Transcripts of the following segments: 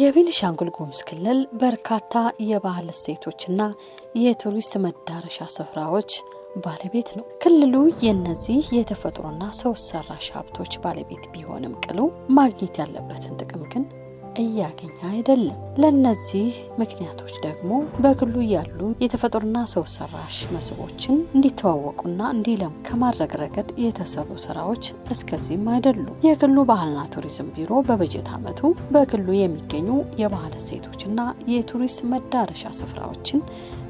የቤኒሻንጉል ጉሙዝ ክልል በርካታ የባህል እሴቶችና የቱሪስት መዳረሻ ስፍራዎች ባለቤት ነው። ክልሉ የእነዚህ የተፈጥሮና ሰው ሰራሽ ሀብቶች ባለቤት ቢሆንም ቅሉ ማግኘት ያለበትን ጥቅም ግን እያገኘ አይደለም። ለእነዚህ ምክንያቶች ደግሞ በግሉ ያሉ የተፈጥሮና ሰው ሰራሽ መስህቦችን እንዲተዋወቁና እንዲለሙ ከማድረግ ረገድ የተሰሩ ስራዎች እስከዚህም አይደሉም። የግሉ ባህልና ቱሪዝም ቢሮ በበጀት ዓመቱ በግሉ የሚገኙ የባህል እሴቶችና የቱሪስት መዳረሻ ስፍራዎችን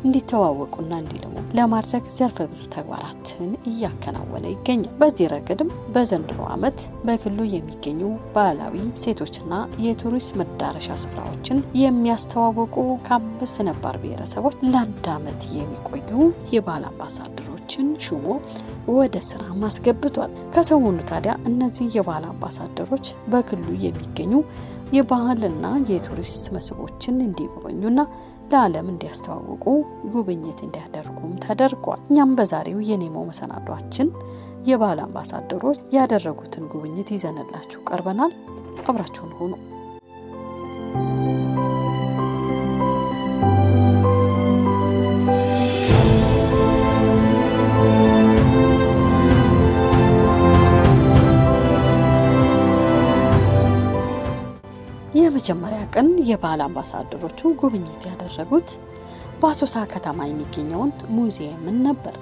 እንዲተዋወቁና እንዲልሙ ለማድረግ ዘርፈ ብዙ ተግባራትን እያከናወነ ይገኛል። በዚህ ረገድም በዘንድሮ ዓመት በክልሉ የሚገኙ ባህላዊ ሴቶችና የቱሪስት መዳረሻ ስፍራዎችን የሚያስተዋወቁ ከአምስት ነባር ብሔረሰቦች ለአንድ ዓመት የሚቆዩ የባህል አምባሳደሮችን ሽሞ ወደ ስራ ማስገብቷል። ከሰሞኑ ታዲያ እነዚህ የባህል አምባሳደሮች በክልሉ የሚገኙ የባህልና የቱሪስት መስህቦችን እንዲጎበኙና ለዓለም እንዲያስተዋውቁ ጉብኝት እንዲያደርጉም ተደርጓል። እኛም በዛሬው የኔሞ መሰናዷችን የባህል አምባሳደሮች ያደረጉትን ጉብኝት ይዘንላችሁ ቀርበናል። አብራችሁን ሁኑ። በመጀመሪያ ቀን የባህል አምባሳደሮቹ ጉብኝት ያደረጉት በአሶሳ ከተማ የሚገኘውን ሙዚየምን ነበር።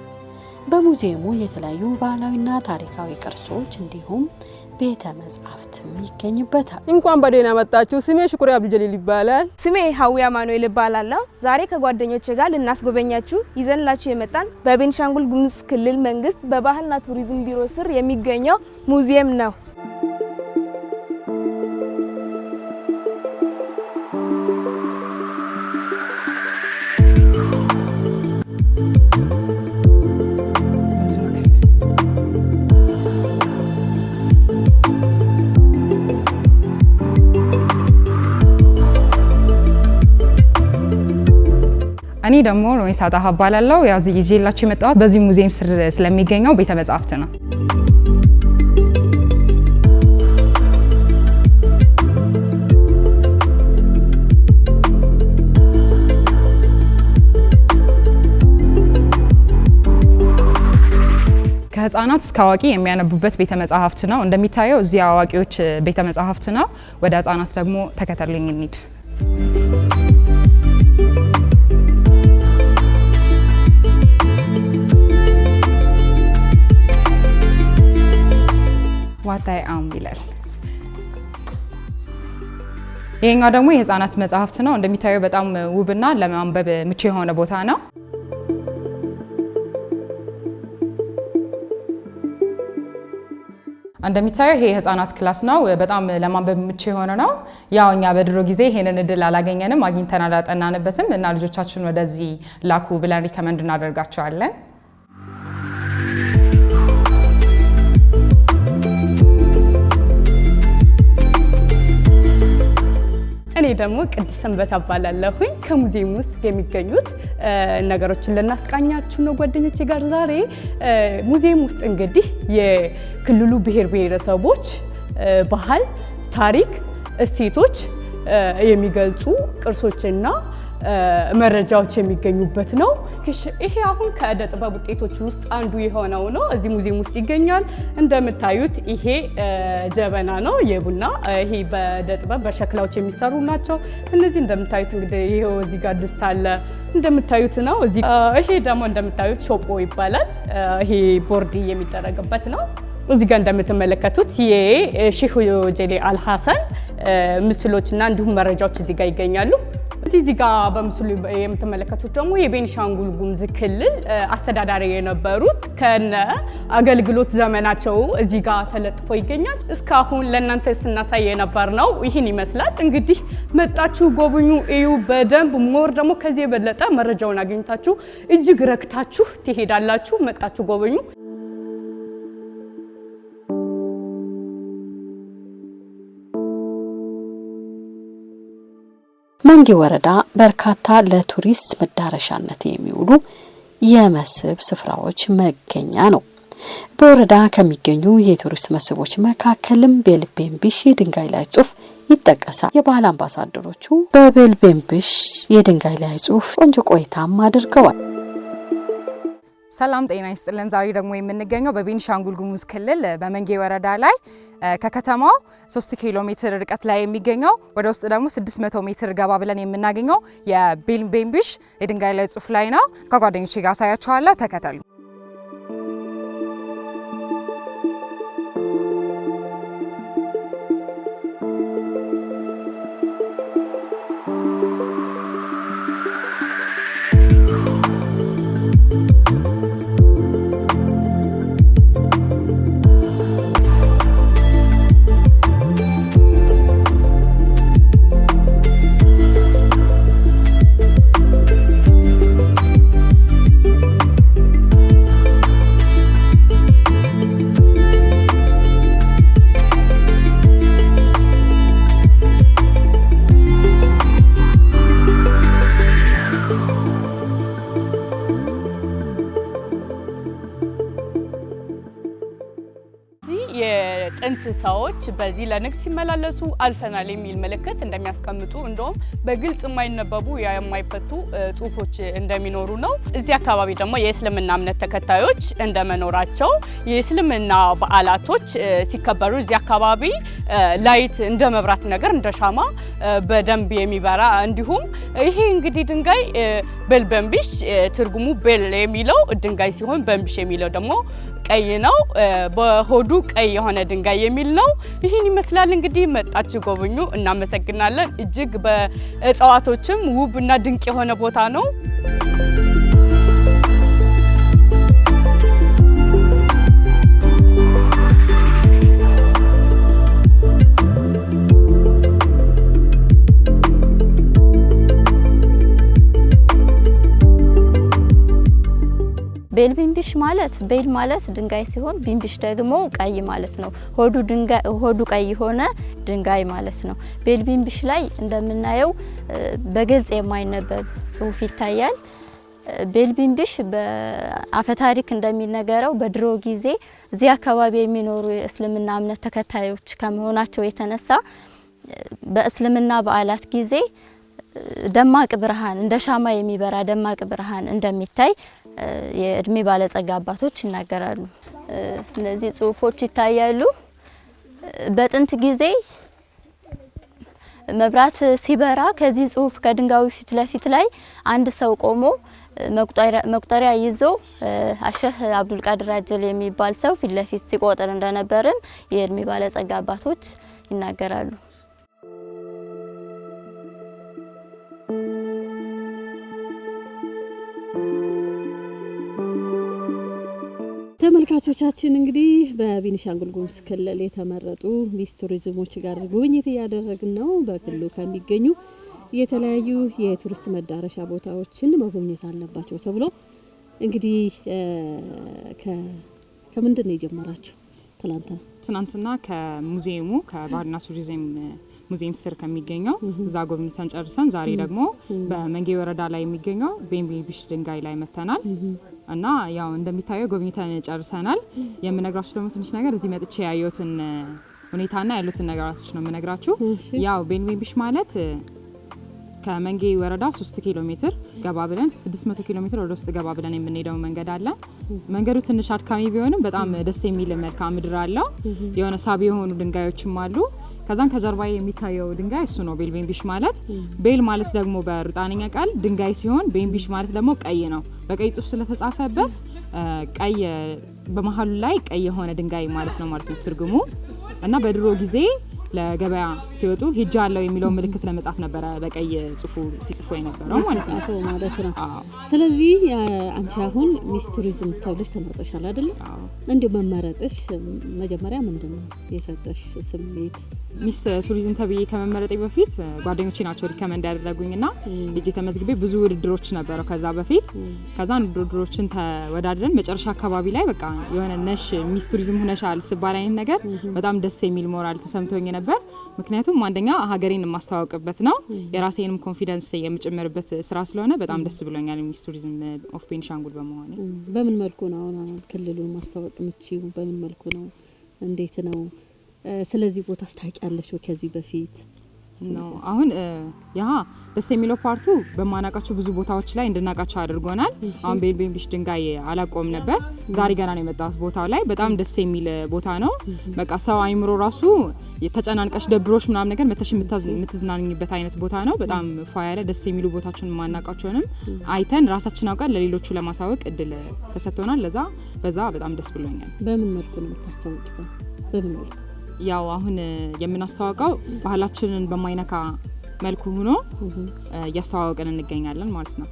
በሙዚየሙ የተለያዩ ባህላዊና ታሪካዊ ቅርሶች እንዲሁም ቤተ መጻሕፍትም ይገኝበታል። እንኳን በደህና መጣችሁ። ስሜ ሽኩሪ አብዱጀሊል ይባላል። ስሜ ሀዊ አማኑኤል እባላለሁ። ዛሬ ከጓደኞች ጋር ልናስጎበኛችሁ ይዘንላችሁ የመጣን በቤንሻንጉል ጉሙዝ ክልል መንግስት በባህልና ቱሪዝም ቢሮ ስር የሚገኘው ሙዚየም ነው። እኔ ደግሞ ሎይሳ ጣሃ እባላለሁ። ያው ይዤላችሁ የመጣሁት በዚህ ሙዚየም ስር ስለሚገኘው ቤተ መጻሕፍት ነው። ከህፃናት እስከ አዋቂ የሚያነቡበት ቤተ መጻሕፍት ነው። እንደሚታየው እዚህ አዋቂዎች ቤተ መጻሕፍት ነው። ወደ ህፃናት ደግሞ ተከተሉኝ እንሂድ። ዋታይ አም ይላል። ይሄኛው ደግሞ የህፃናት መጽሐፍት ነው። እንደሚታየው በጣም ውብና ለማንበብ ምቹ የሆነ ቦታ ነው። እንደሚታየው ይሄ የህፃናት ክላስ ነው። በጣም ለማንበብ ምቹ የሆነ ነው። ያው እኛ በድሮ ጊዜ ይሄንን እድል አላገኘንም፣ አግኝተን አላጠናንበትም እና ልጆቻችን ወደዚህ ላኩ ብለን ሪከመንድ እናደርጋቸዋለን። ደግሞ ቅድስት ሰንበት አባላለሁኝ። ከሙዚየም ውስጥ የሚገኙት ነገሮችን ልናስቃኛችሁ ነው ጓደኞቼ ጋር ዛሬ። ሙዚየም ውስጥ እንግዲህ የክልሉ ብሔር ብሔረሰቦች ባህል፣ ታሪክ፣ እሴቶች የሚገልጹ ቅርሶችና መረጃዎች የሚገኙበት ነው። ይሄ አሁን ከእደ ጥበብ ውጤቶች ውስጥ አንዱ የሆነው ነው። እዚህ ሙዚየም ውስጥ ይገኛል። እንደምታዩት ይሄ ጀበና ነው የቡና ይሄ በእደ ጥበብ በሸክላዎች የሚሰሩ ናቸው። እነዚህ እንደምታዩት እንግዲህ ይሄው እዚህ ጋር ድስት አለ እንደምታዩት ነው። ይሄ ደግሞ እንደምታዩት ሾፖ ይባላል። ይሄ ቦርድ የሚደረግበት ነው። እዚህ ጋር እንደምትመለከቱት የሼህ ጀሌ አልሐሰን ምስሎችና እንዲሁም መረጃዎች እዚህ ጋር ይገኛሉ። እዚህ ጋ በምስሉ የምትመለከቱት ደግሞ የቤኒሻንጉል ጉሙዝ ክልል አስተዳዳሪ የነበሩት ከነ አገልግሎት ዘመናቸው እዚህ ጋ ተለጥፎ ይገኛል። እስካሁን ለእናንተ ስናሳይ የነበር ነው ይህን ይመስላል። እንግዲህ መጣችሁ ጎብኙ፣ እዩ በደንብ ሞር ደግሞ ከዚህ የበለጠ መረጃውን አግኝታችሁ እጅግ ረክታችሁ ትሄዳላችሁ። መጣችሁ ጎብኙ። በአንጊ ወረዳ በርካታ ለቱሪስት መዳረሻነት የሚውሉ የመስህብ ስፍራዎች መገኛ ነው። በወረዳ ከሚገኙ የቱሪስት መስህቦች መካከልም ቤልቤምብሽ የድንጋይ ላይ ጽሁፍ ይጠቀሳል። የባህል አምባሳደሮቹ በቤልቤምብሽ የድንጋይ ላይ ጽሁፍ ቆንጆ ቆይታም አድርገዋል። ሰላም ጤና ይስጥልን። ዛሬ ደግሞ የምንገኘው በቤኒሻንጉል ጉሙዝ ክልል በመንጌ ወረዳ ላይ ከከተማው 3 ኪሎ ሜትር ርቀት ላይ የሚገኘው ወደ ውስጥ ደግሞ 600 ሜትር ገባ ብለን የምናገኘው የቤንቤንቢሽ የድንጋይ ላይ ጽሑፍ ላይ ነው። ከጓደኞች ጋር አሳያችኋለሁ። ተከተሉ። በዚህ ለንግድ ሲመላለሱ አልፈናል የሚል ምልክት እንደሚያስቀምጡ እንደውም በግልጽ የማይነበቡ የማይፈቱ ጽሁፎች እንደሚኖሩ ነው። እዚህ አካባቢ ደግሞ የእስልምና እምነት ተከታዮች እንደመኖራቸው የእስልምና በዓላቶች ሲከበሩ እዚህ አካባቢ ላይት እንደ መብራት ነገር እንደ ሻማ በደንብ የሚበራ እንዲሁም ይሄ እንግዲህ ድንጋይ ቤል በንቢሽ ትርጉሙ ቤል የሚለው ድንጋይ ሲሆን በንቢሽ የሚለው ደግሞ ቀይ ነው፣ በሆዱ ቀይ የሆነ ድንጋይ የሚል ነው። ይህን ይመስላል እንግዲህ መጣችሁ ጎብኙ። እናመሰግናለን። እጅግ በእጽዋቶችም ውብ እና ድንቅ የሆነ ቦታ ነው። ቤል ቢንቢሽ ማለት ቤል ማለት ድንጋይ ሲሆን ቢንቢሽ ደግሞ ቀይ ማለት ነው። ሆዱ ድንጋይ ሆዱ ቀይ የሆነ ድንጋይ ማለት ነው። ቤል ቢንቢሽ ላይ እንደምናየው በግልጽ የማይነበብ ጽሑፍ ይታያል። ቤል ቢንቢሽ በአፈታሪክ እንደሚነገረው በድሮ ጊዜ እዚህ አካባቢ የሚኖሩ የእስልምና እምነት ተከታዮች ከመሆናቸው የተነሳ በእስልምና በዓላት ጊዜ ደማቅ ብርሃን እንደ ሻማ የሚበራ ደማቅ ብርሃን እንደሚታይ የእድሜ ባለጸጋ አባቶች ይናገራሉ። እነዚህ ጽሁፎች ይታያሉ። በጥንት ጊዜ መብራት ሲበራ ከዚህ ጽሁፍ ከድንጋዩ ፊት ለፊት ላይ አንድ ሰው ቆሞ መቁጠሪያ ይዞ አሸህ አብዱልቃድር አጀል የሚባል ሰው ፊት ለፊት ሲቆጥር እንደነበርም የእድሜ ባለጸጋ አባቶች ይናገራሉ። ተመልካቾቻችን እንግዲህ በቤኒሻንጉል ጉሙዝ ክልል የተመረጡ ሚስ ቱሪዝሞች ጋር ጉብኝት እያደረግን ነው። በክልሉ ከሚገኙ የተለያዩ የቱሪስት መዳረሻ ቦታዎችን መጎብኘት አለባቸው ተብሎ እንግዲህ ከምንድን ነው የጀመራቸው? ትናንትና ትናንትና ከሙዚየሙ ከባህልና ቱሪዝም ሙዚየም ስር ከሚገኘው እዛ ጎብኝተን ጨርሰን ዛሬ ደግሞ በመንጌ ወረዳ ላይ የሚገኘው ቤንቢቢሽ ድንጋይ ላይ መጥተናል። እና ያው እንደሚታየው ጎብኝተን ጨርሰናል። የምነግራችሁ ደግሞ ትንሽ ነገር እዚህ መጥቼ ያየሁትን ሁኔታና ያሉትን ነገራቶች ነው የምነግራችሁ። ያው ቤንዌቢሽ ማለት ከመንጌ ወረዳ 3 ኪሎ ሜትር ገባ ብለን 600 ኪሎ ሜትር ወደ ውስጥ ገባ ብለን የምንሄደው መንገድ አለ። መንገዱ ትንሽ አድካሚ ቢሆንም በጣም ደስ የሚል መልክዓ ምድር አለው። የሆነ ሳቢ የሆኑ ድንጋዮችም አሉ። ከዛን ከጀርባ የሚታየው ድንጋይ እሱ ነው ቤል ቤንቢሽ ማለት። ቤል ማለት ደግሞ በሩጣንኛ ቃል ድንጋይ ሲሆን ቤንቢሽ ማለት ደግሞ ቀይ ነው። በቀይ ጽሁፍ ስለተጻፈበት ቀይ በመሀሉ ላይ ቀይ የሆነ ድንጋይ ማለት ነው ማለት ነው ትርጉሙ እና በድሮ ጊዜ ለገበያ ሲወጡ ሂጃ አለው የሚለውን ምልክት ለመጻፍ ነበረ በቀይ ጽፉ ሲጽፎ የነበረው ማለት ነው ማለት ነው። ስለዚህ አንቺ አሁን ሚስ ቱሪዝም ተብለሽ ተመርጠሻል አይደለም? እንዲሁ መመረጥሽ መጀመሪያ ምንድን ነው የሰጠሽ ስሜት? ሚስ ቱሪዝም ተብዬ ከመመረጤ በፊት ጓደኞቼ ናቸው ሪከመንድ ያደረጉኝ ና ልጅ ተመዝግቤ ብዙ ውድድሮች ነበረው ከዛ በፊት ከዛ ውድድሮችን ተወዳድረን መጨረሻ አካባቢ ላይ በቃ የሆነ ነሽ ሚስ ቱሪዝም ሁነሻል ስባል አይነት ነገር በጣም ደስ የሚል ሞራል ተሰምቶኝ ነበር። ምክንያቱም አንደኛ ሀገሬን የማስተዋወቅበት ነው የራሴንም ኮንፊደንስ የምጨምርበት ስራ ስለሆነ በጣም ደስ ብሎኛል። ሚስ ቱሪዝም ኦፍ ቤንሻንጉል በመሆኔ። በምን መልኩ ነው አሁን ክልሉን ማስተዋወቅ ምቺ በምን መልኩ ነው እንዴት ነው ስለዚህ ቦታ ታውቂያለሽ ወይ ከዚህ በፊት? ነው አሁን ያ ደስ የሚለው ፓርቱ በማናቃቸው ብዙ ቦታዎች ላይ እንድናቃቸው አድርጎናል። አሁን ቤልቤምቢሽ ድንጋይ አላቆም ነበር። ዛሬ ገና ነው የመጣሁት ቦታው ላይ በጣም ደስ የሚል ቦታ ነው። በቃ ሰው አይምሮ ራሱ ተጨናንቀሽ ደብሮች ምናምን ነገር መተሽ የምትዝናኝበት አይነት ቦታ ነው። በጣም ፏ ያለ ደስ የሚሉ ቦታችን ማናቃቸውንም አይተን ራሳችን አውቀን ለሌሎቹ ለማሳወቅ እድል ተሰጥቶናል። ለዛ በዛ በጣም ደስ ብሎኛል። በምን መልኩ ነው የምታስታወቂው? በምን መልኩ ያው አሁን የምናስተዋውቀው ባህላችንን በማይነካ መልኩ ሆኖ እያስተዋወቅን እንገኛለን ማለት ነው።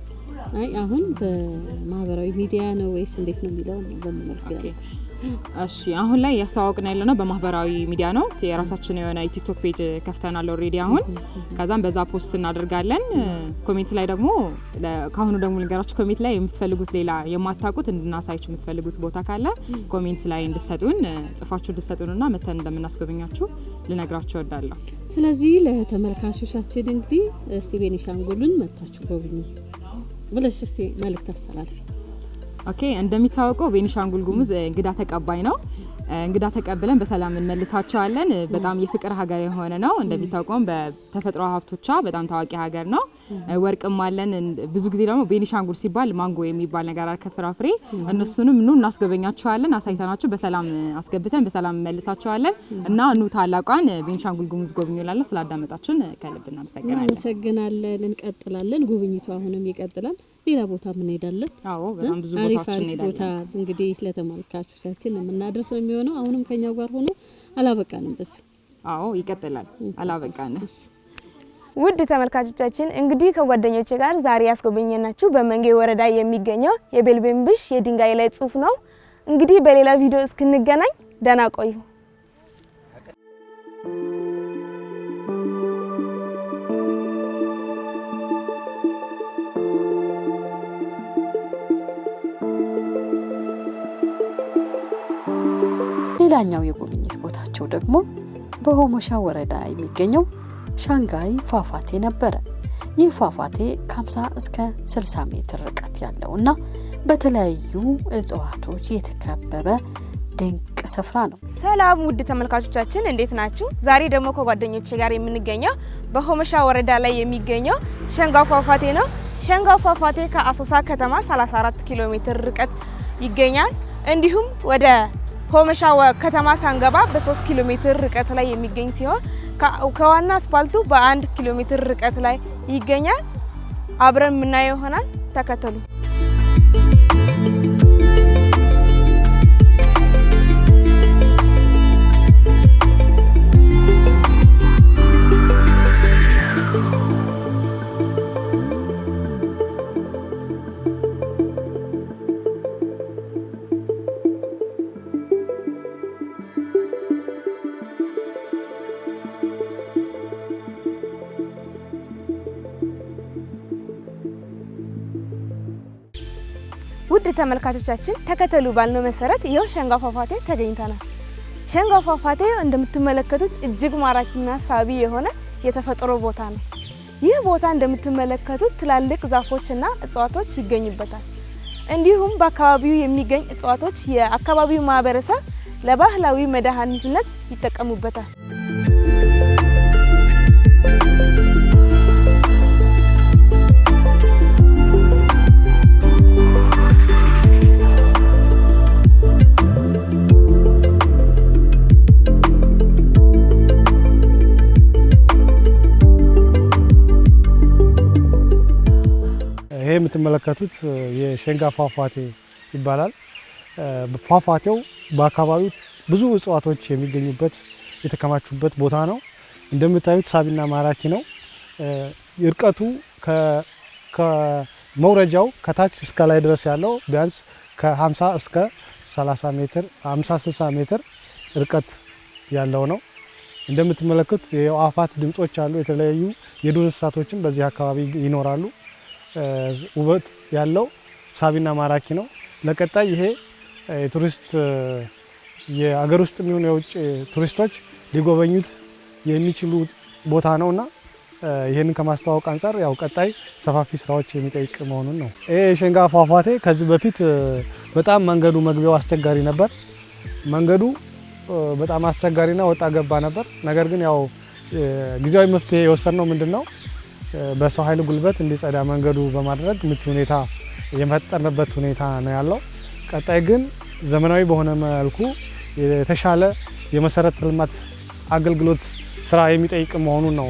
አይ አሁን በማህበራዊ ሚዲያ ነው ወይስ እንዴት ነው የሚለው በመልክ እሺ አሁን ላይ እያስተዋወቅን ያለ ነው በማህበራዊ ሚዲያ ነው። የራሳችን የሆነ የቲክቶክ ፔጅ ከፍተናል ኦልሬዲ አሁን። ከዛም በዛ ፖስት እናደርጋለን። ኮሜንት ላይ ደግሞ ከአሁኑ ደግሞ ነገራችሁ ኮሜንት ላይ የምትፈልጉት ሌላ የማታውቁት እንድናሳያችሁ የምትፈልጉት ቦታ ካለ ኮሜንት ላይ እንድሰጡን ጽፋችሁ ና መተን እንደምናስጎበኛችሁ ልነግራችሁ እወዳለሁ። ስለዚህ ለተመልካቾቻችን እንግዲህ እስቲ ቤኒሻንጉልን መታችሁ ጎብኙ ብለሽ እስቲ መልእክት አስተላልፊ። ኦኬ እንደሚታወቀው ቤኒሻንጉል ጉሙዝ እንግዳ ተቀባይ ነው። እንግዳ ተቀብለን በሰላም እንመልሳቸዋለን። በጣም የፍቅር ሀገር የሆነ ነው። እንደሚታወቀውም በተፈጥሮ ሀብቶቿ በጣም ታዋቂ ሀገር ነው። ወርቅም አለን። ብዙ ጊዜ ደግሞ ቤኒሻንጉል ሲባል ማንጎ የሚባል ነገር ከፍራፍሬ እነሱንም ኑ እናስጎበኛቸዋለን። አሳይተናቸው በሰላም አስገብተን በሰላም እንመልሳቸዋለን እና ኑ ታላቋን ቤኒሻንጉል ጉሙዝ ጎብኝላለን። ላለን። ስላዳመጣችን ከልብ እናመሰግናለን። እንቀጥላለን። ጉብኝቱ አሁንም ይቀጥላል። ሌላ ቦታ ምን ሄዳለን? አዎ በጣም ብዙ አሪፍ ቦታ እንግዲህ ለተመልካቾቻችን የምናደርስ ነው የሚሆነው። አሁንም ከኛው ጋር ሆኖ አላበቃንም። በስ አዎ ይቀጥላል፣ አላበቃንም። ውድ ተመልካቾቻችን እንግዲህ ከጓደኞቼ ጋር ዛሬ ያስጎበኘናችሁ በመንጌ ወረዳ የሚገኘው የቤልቤምብሽ የድንጋይ ላይ ጽሁፍ ነው። እንግዲህ በሌላ ቪዲዮ እስክንገናኝ ደህና ቆዩ። ሌላኛው የጉብኝት ቦታቸው ደግሞ በሆሞሻ ወረዳ የሚገኘው ሻንጋይ ፏፏቴ ነበረ። ይህ ፏፏቴ ከ50 እስከ 60 ሜትር ርቀት ያለው እና በተለያዩ እጽዋቶች የተከበበ ድንቅ ስፍራ ነው። ሰላም ውድ ተመልካቾቻችን እንዴት ናችሁ? ዛሬ ደግሞ ከጓደኞቼ ጋር የምንገኘው በሆመሻ ወረዳ ላይ የሚገኘው ሸንጋው ፏፏቴ ነው። ሸንጋው ፏፏቴ ከአሶሳ ከተማ 34 ኪሎ ሜትር ርቀት ይገኛል። እንዲሁም ወደ ሆመሻ ከተማ ሳንገባ በ3 ኪሎ ሜትር ርቀት ላይ የሚገኝ ሲሆን ከዋና አስፓልቱ በአንድ ኪሎ ሜትር ርቀት ላይ ይገኛል። አብረን የምናየው ይሆናል። ተከተሉ። ውድ ተመልካቾቻችን ተከተሉ ባልነው መሰረት ይኸው ሸንጋ ፏፏቴ ተገኝተናል። ሸንጋ ፏፏቴ እንደምትመለከቱት እጅግ ማራኪና ሳቢ የሆነ የተፈጥሮ ቦታ ነው። ይህ ቦታ እንደምትመለከቱት ትላልቅ ዛፎችና እጽዋቶች ይገኙበታል። እንዲሁም በአካባቢው የሚገኝ እጽዋቶች የአካባቢው ማህበረሰብ ለባህላዊ መድኃኒትነት ይጠቀሙበታል። የምትመለከቱት የሸንጋ ፏፏቴ ይባላል። ፏፏቴው በአካባቢው ብዙ እጽዋቶች የሚገኙበት የተከማቹበት ቦታ ነው። እንደምታዩት ሳቢና ማራኪ ነው። እርቀቱ ከመውረጃው ከታች እስከ ላይ ድረስ ያለው ቢያንስ ከ50 እስከ 30 ሜትር 50 60 ሜትር እርቀት ያለው ነው። እንደምትመለከቱት የዋፋት ድምጾች አሉ። የተለያዩ የዱር እንስሳቶችም በዚህ አካባቢ ይኖራሉ። ውበት ያለው ሳቢና ማራኪ ነው። ለቀጣይ ይሄ የቱሪስት የአገር ውስጥ የሚሆኑ የውጭ ቱሪስቶች ሊጎበኙት የሚችሉ ቦታ እና ይህንን ከማስተዋወቅ አንጻር ያው ቀጣይ ሰፋፊ ስራዎች የሚጠይቅ መሆኑን ነው። ይሄ የሸንጋ ፏፏቴ ከዚህ በፊት በጣም መንገዱ መግቢያው አስቸጋሪ ነበር። መንገዱ በጣም አስቸጋሪና ወጣ ገባ ነበር። ነገር ግን ያው ጊዜያዊ መፍትሄ የወሰድነው ምንድን ነው በሰው ኃይል ጉልበት እንዲጸዳ መንገዱ በማድረግ ምቹ ሁኔታ የፈጠርንበት ሁኔታ ነው ያለው። ቀጣይ ግን ዘመናዊ በሆነ መልኩ የተሻለ የመሰረተ ልማት አገልግሎት ስራ የሚጠይቅ መሆኑ ነው።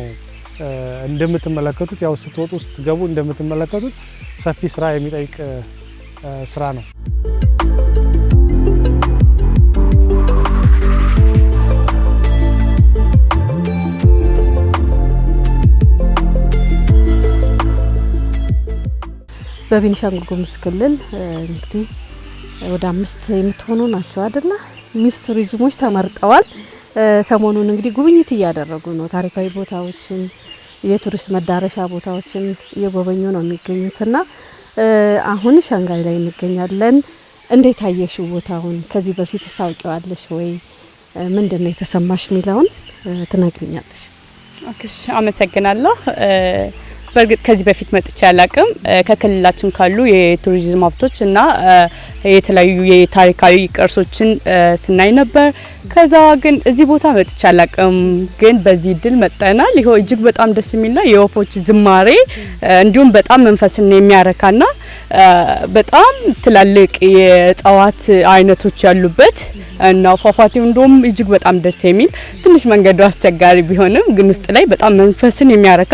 እንደምትመለከቱት ያው ስትወጡ ስትገቡ እንደምትመለከቱት ሰፊ ስራ የሚጠይቅ ስራ ነው። በቤኒሻንጉል ጉሙዝ ክልል እንግዲህ ወደ አምስት የምትሆኑ ናቸው አደለ ሚስ ቱሪዝሞች ተመርጠዋል። ሰሞኑን እንግዲህ ጉብኝት እያደረጉ ነው። ታሪካዊ ቦታዎችን፣ የቱሪስት መዳረሻ ቦታዎችን እየጎበኙ ነው ና አሁን ሻንጋይ ላይ እንገኛለን። እንዴት አየሽ ቦታውን? ከዚህ በፊት ስታውቂዋለሽ ወይ? ምንድን ነው የተሰማሽ የሚለውን ትነግርኛለሽ። አመሰግናለሁ። በእርግጥ ከዚህ በፊት መጥቼ አላቅም። ከክልላችን ካሉ የቱሪዝም ሀብቶች እና የተለያዩ የታሪካዊ ቅርሶችን ስናይ ነበር። ከዛ ግን እዚህ ቦታ መጥቼ አላቅም፣ ግን በዚህ እድል መጠናል። ይኸው እጅግ በጣም ደስ የሚልና የወፎች ዝማሬ እንዲሁም በጣም መንፈስን የሚያረካና በጣም ትላልቅ የእጽዋት አይነቶች ያሉበት እና ፏፏቴው እንደውም እጅግ በጣም ደስ የሚል ትንሽ መንገዱ አስቸጋሪ ቢሆንም ግን ውስጥ ላይ በጣም መንፈስን የሚያረካ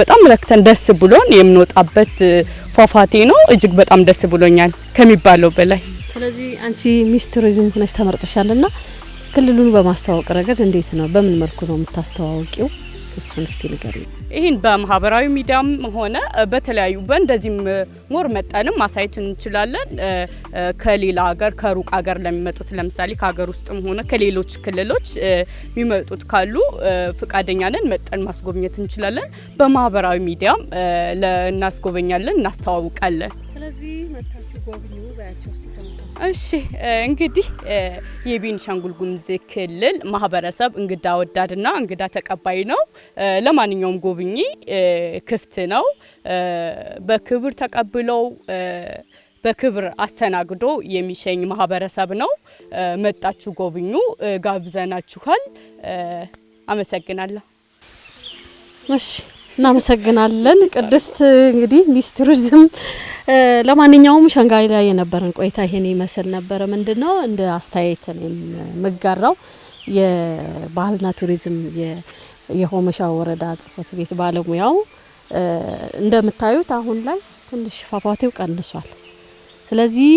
በጣም ረክተን ደስ ብሎን የምንወጣበት ፏፏቴ ነው። እጅግ በጣም ደስ ብሎኛል ከሚባለው በላይ። ስለዚህ አንቺ ሚስ ቱሪዝም ሆነሽ ክልሉን በማስተዋወቅ ረገድ እንዴት ነው? በምን መልኩ ነው የምታስተዋወቂው? እሱን እስቲ ንገሪኝ። ይህን በማህበራዊ ሚዲያም ሆነ በተለያዩ በእንደዚህም ሞር መጠንም ማሳየት እንችላለን። ከሌላ ሀገር ከሩቅ ሀገር ለሚመጡት ለምሳሌ ከሀገር ውስጥም ሆነ ከሌሎች ክልሎች የሚመጡት ካሉ ፍቃደኛ ነን መጠን ማስጎብኘት እንችላለን። በማህበራዊ ሚዲያም እናስጎበኛለን፣ እናስተዋውቃለን። ስለዚህ መታችሁ ጎብኙ ባያቸው እሺ እንግዲህ የቤኒሻንጉል ጉሙዝ ክልል ማህበረሰብ እንግዳ ወዳድና እንግዳ ተቀባይ ነው። ለማንኛውም ጎብኚ ክፍት ነው። በክብር ተቀብለው በክብር አስተናግዶ የሚሸኝ ማህበረሰብ ነው። መጣችሁ ጎብኙ፣ ጋብዘናችኋል። አመሰግናለሁ። እሺ እናመሰግናለን ቅድስት። እንግዲህ ሚስ ቱሪዝም ለማንኛውም ሻንጋይ ላይ የነበረን ቆይታ ይሄን ይመስል ነበረ። ምንድን ነው እንደ አስተያየት የምጋራው የባህልና ቱሪዝም የሆመሻ ወረዳ ጽፈት ቤት ባለሙያው እንደምታዩት አሁን ላይ ትንሽ ፏፏቴው ቀንሷል። ስለዚህ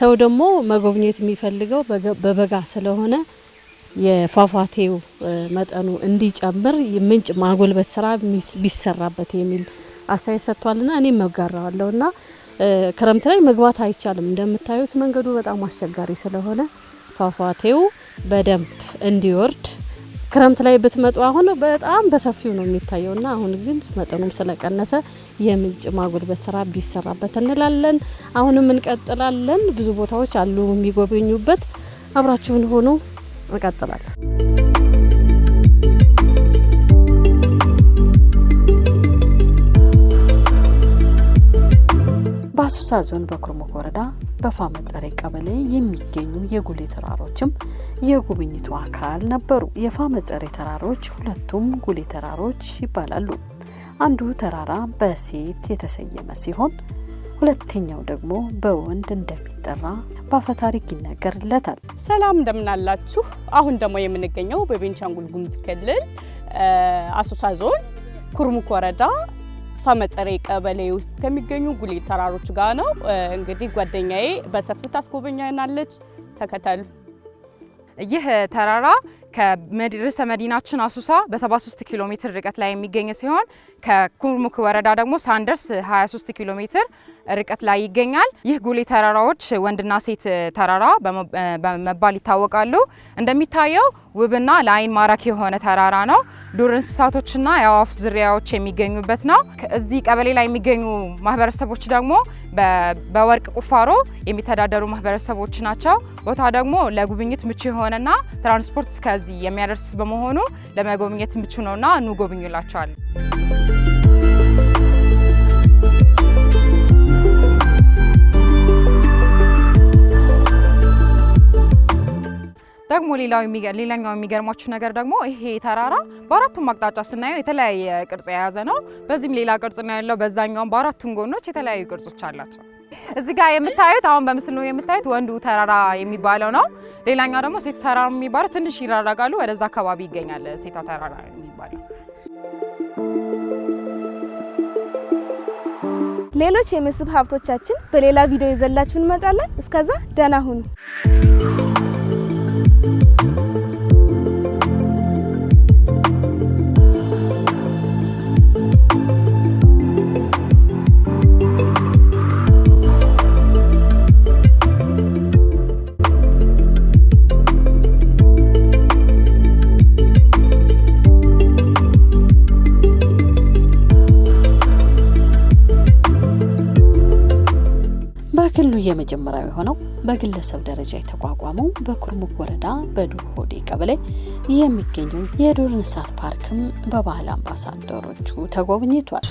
ሰው ደግሞ መጎብኘት የሚፈልገው በበጋ ስለሆነ የፏፏቴው መጠኑ እንዲጨምር ምንጭ ማጎልበት ስራ ቢሰራበት የሚል አስተያየት ሰጥቷልና እኔም መጋራዋለሁ እና ክረምት ላይ መግባት አይቻልም። እንደምታዩት መንገዱ በጣም አስቸጋሪ ስለሆነ ፏፏቴው በደንብ እንዲወርድ ክረምት ላይ ብትመጡ አሁን በጣም በሰፊው ነው የሚታየው እና አሁን ግን መጠኑም ስለቀነሰ የምንጭ ማጎልበት ስራ ቢሰራበት እንላለን። አሁንም እንቀጥላለን። ብዙ ቦታዎች አሉ የሚጎበኙበት። አብራችሁን ሆኖ ይቀጥላል። በአሶሳ ዞን በኩርሙክ ወረዳ በፋመጸሬ ቀበሌ የሚገኙ የጉሌ ተራሮችም የጉብኝቱ አካል ነበሩ። የፋመጸሬ ተራሮች ሁለቱም ጉሌ ተራሮች ይባላሉ። አንዱ ተራራ በሴት የተሰየመ ሲሆን ሁለተኛው ደግሞ በወንድ እንደሚጠራ በአፈታሪክ ይነገርለታል። ሰላም እንደምናላችሁ። አሁን ደግሞ የምንገኘው በቤንቻንጉል ጉሙዝ ክልል አሶሳ ዞን ኩርሙክ ወረዳ ፈመጠሬ ቀበሌ ውስጥ ከሚገኙ ጉሌ ተራሮች ጋር ነው። እንግዲህ ጓደኛዬ በሰፊው ታስጎበኛናለች። ተከተሉ። ይህ ተራራ ከርዕሰ መዲናችን አሶሳ በ73 ኪሎ ሜትር ርቀት ላይ የሚገኝ ሲሆን ከኩርሙክ ወረዳ ደግሞ ሳንደርስ 23 ኪሎ ሜትር ርቀት ላይ ይገኛል። ይህ ጉሌ ተራራዎች ወንድና ሴት ተራራ በመባል ይታወቃሉ። እንደሚታየው ውብና ለአይን ማራኪ የሆነ ተራራ ነው። ዱር እንስሳቶችና የአዋፍ ዝርያዎች የሚገኙበት ነው። እዚህ ቀበሌ ላይ የሚገኙ ማህበረሰቦች ደግሞ በወርቅ ቁፋሮ የሚተዳደሩ ማህበረሰቦች ናቸው። ቦታ ደግሞ ለጉብኝት ምቹ የሆነና ትራንስፖርት እስከዚህ የሚያደርስ በመሆኑ ለመጎብኘት ምቹ ነውና ኑ ጎብኙላቸዋል። ደግሞ ሌላኛው የሚገርማችሁ ነገር ደግሞ ይሄ ተራራ በአራቱም አቅጣጫ ስናየው የተለያየ ቅርጽ የያዘ ነው። በዚህም ሌላ ቅርጽ ነው ያለው። በዛኛውም በአራቱም ጎኖች የተለያዩ ቅርጾች አላቸው። እዚህ ጋር የምታዩት አሁን በምስሉ የምታዩት ወንዱ ተራራ የሚባለው ነው። ሌላኛው ደግሞ ሴቱ ተራራ የሚባለው ትንሽ ይራራቃሉ። ወደዛ አካባቢ ይገኛል ሴቷ ተራራ የሚባለው። ሌሎች የመስህብ ሀብቶቻችን በሌላ ቪዲዮ ይዘላችሁ እንመጣለን። እስከዛ ደህና ሁኑ። የመጀመሪያው የሆነው በግለሰብ ደረጃ የተቋቋመው በኩርሙክ ወረዳ በዱር ሆዴ ቀበሌ የሚገኘው የዱር እንስሳት ፓርክም በባህል አምባሳደሮቹ ተጎብኝቷል።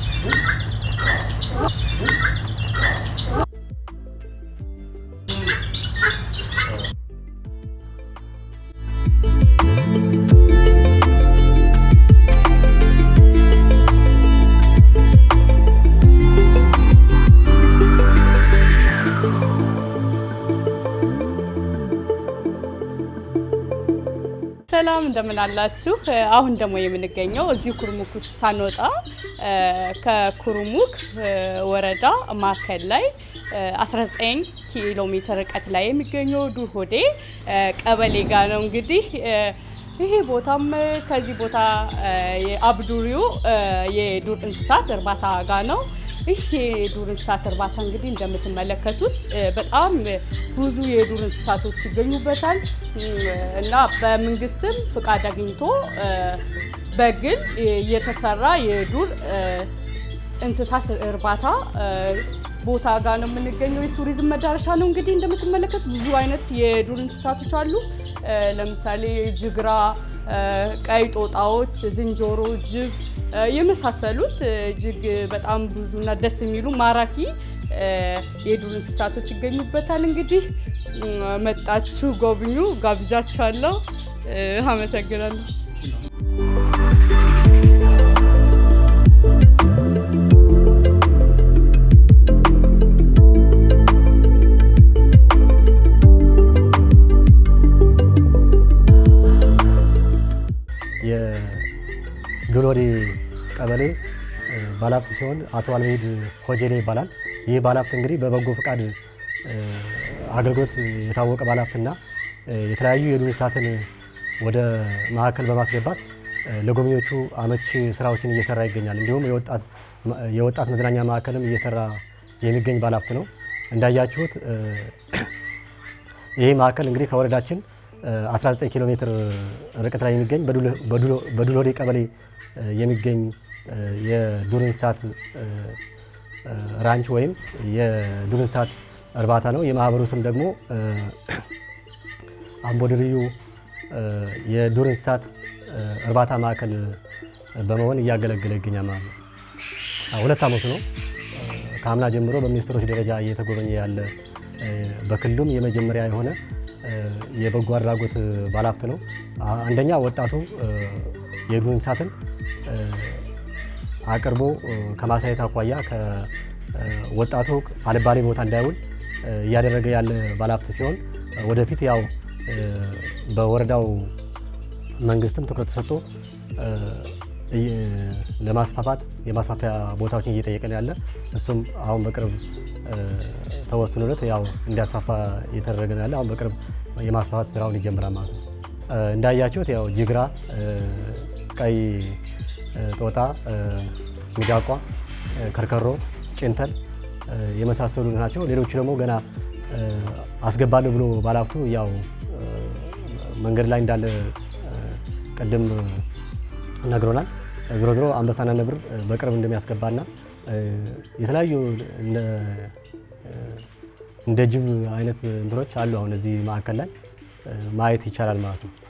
ሰላም እንደምን አላችሁ? አሁን ደግሞ የምንገኘው እዚሁ ኩርሙክ ውስጥ ሳንወጣ ከኩርሙክ ወረዳ ማዕከል ላይ 19 ኪሎ ሜትር ርቀት ላይ የሚገኘው ዱር ሆዴ ቀበሌ ጋር ነው እንግዲህ ይሄ ቦታም ከዚህ ቦታ አብዱሪው የዱር እንስሳት እርባታ ጋር ነው። ይህ የዱር እንስሳት እርባታ እንግዲህ እንደምትመለከቱት በጣም ብዙ የዱር እንስሳቶች ይገኙበታል እና በመንግስትም ፍቃድ አግኝቶ በግል የተሰራ የዱር እንስሳት እርባታ ቦታ ጋር ነው የምንገኘው። የቱሪዝም መዳረሻ ነው። እንግዲህ እንደምትመለከት ብዙ አይነት የዱር እንስሳቶች አሉ። ለምሳሌ ጅግራ፣ ቀይ ጦጣዎች፣ ዝንጀሮ፣ ጅብ የመሳሰሉት እጅግ በጣም ብዙና ደስ የሚሉ ማራኪ የዱር እንስሳቶች ይገኙበታል። እንግዲህ መጣችሁ ጎብኙ፣ ጋብዣችኋለሁ። አመሰግናለሁ። ለምሳሌ ባለሀብት ሲሆን አቶ አልመሄድ ሆጀሌ ይባላል። ይህ ባለሀብት እንግዲህ በበጎ ፈቃድ አገልግሎት የታወቀ ባለሀብትና የተለያዩ የዱር እንስሳትን ወደ ማዕከል በማስገባት ለጎብኚዎቹ አመቺ ስራዎችን እየሰራ ይገኛል። እንዲሁም የወጣት መዝናኛ ማዕከልም እየሰራ የሚገኝ ባለሀብት ነው። እንዳያችሁት ይህ ማዕከል እንግዲህ ከወረዳችን 19 ኪሎ ሜትር ርቀት ላይ የሚገኝ በዱሎዴ ቀበሌ የሚገኝ የዱር እንስሳት ራንች ወይም የዱር እንስሳት እርባታ ነው። የማህበሩ ስም ደግሞ አምቦድርዩ የዱር እንስሳት እርባታ ማዕከል በመሆን እያገለገለ ይገኛል ማለት ነው። ሁለት ዓመቱ ነው። ከአምና ጀምሮ በሚኒስትሮች ደረጃ እየተጎበኘ ያለ በክልሉም የመጀመሪያ የሆነ የበጎ አድራጎት ባለሀብት ነው። አንደኛ ወጣቱ የዱር እንስሳትን አቅርቦ ከማሳየት አኳያ ወጣቱ አልባሌ ቦታ እንዳይውል እያደረገ ያለ ባለሀብት ሲሆን ወደፊት ያው በወረዳው መንግስትም ትኩረት ተሰጥቶ ለማስፋፋት የማስፋፊያ ቦታዎችን እየጠየቀ ነው ያለ። እሱም አሁን በቅርብ ተወስኖለት ያው እንዲያስፋፋ እየተደረገ ነው ያለ። አሁን በቅርብ የማስፋፋት ስራውን ይጀምራል ማለት ነው። እንዳያችሁት ያው ጅግራ ቀይ ጦጣ፣ ሚዳቋ፣ ከርከሮ፣ ጭንተል የመሳሰሉ ናቸው። ሌሎቹ ደግሞ ገና አስገባለሁ ብሎ ባላፍቱ ያው መንገድ ላይ እንዳለ ቅድም ነግሮናል። ዝሮ ዝሮ አንበሳና ነብር በቅርብ እንደሚያስገባና የተለያዩ እንደ ጅብ አይነት እንትኖች አሉ። አሁን እዚህ ማዕከል ላይ ማየት ይቻላል ማለት ነው።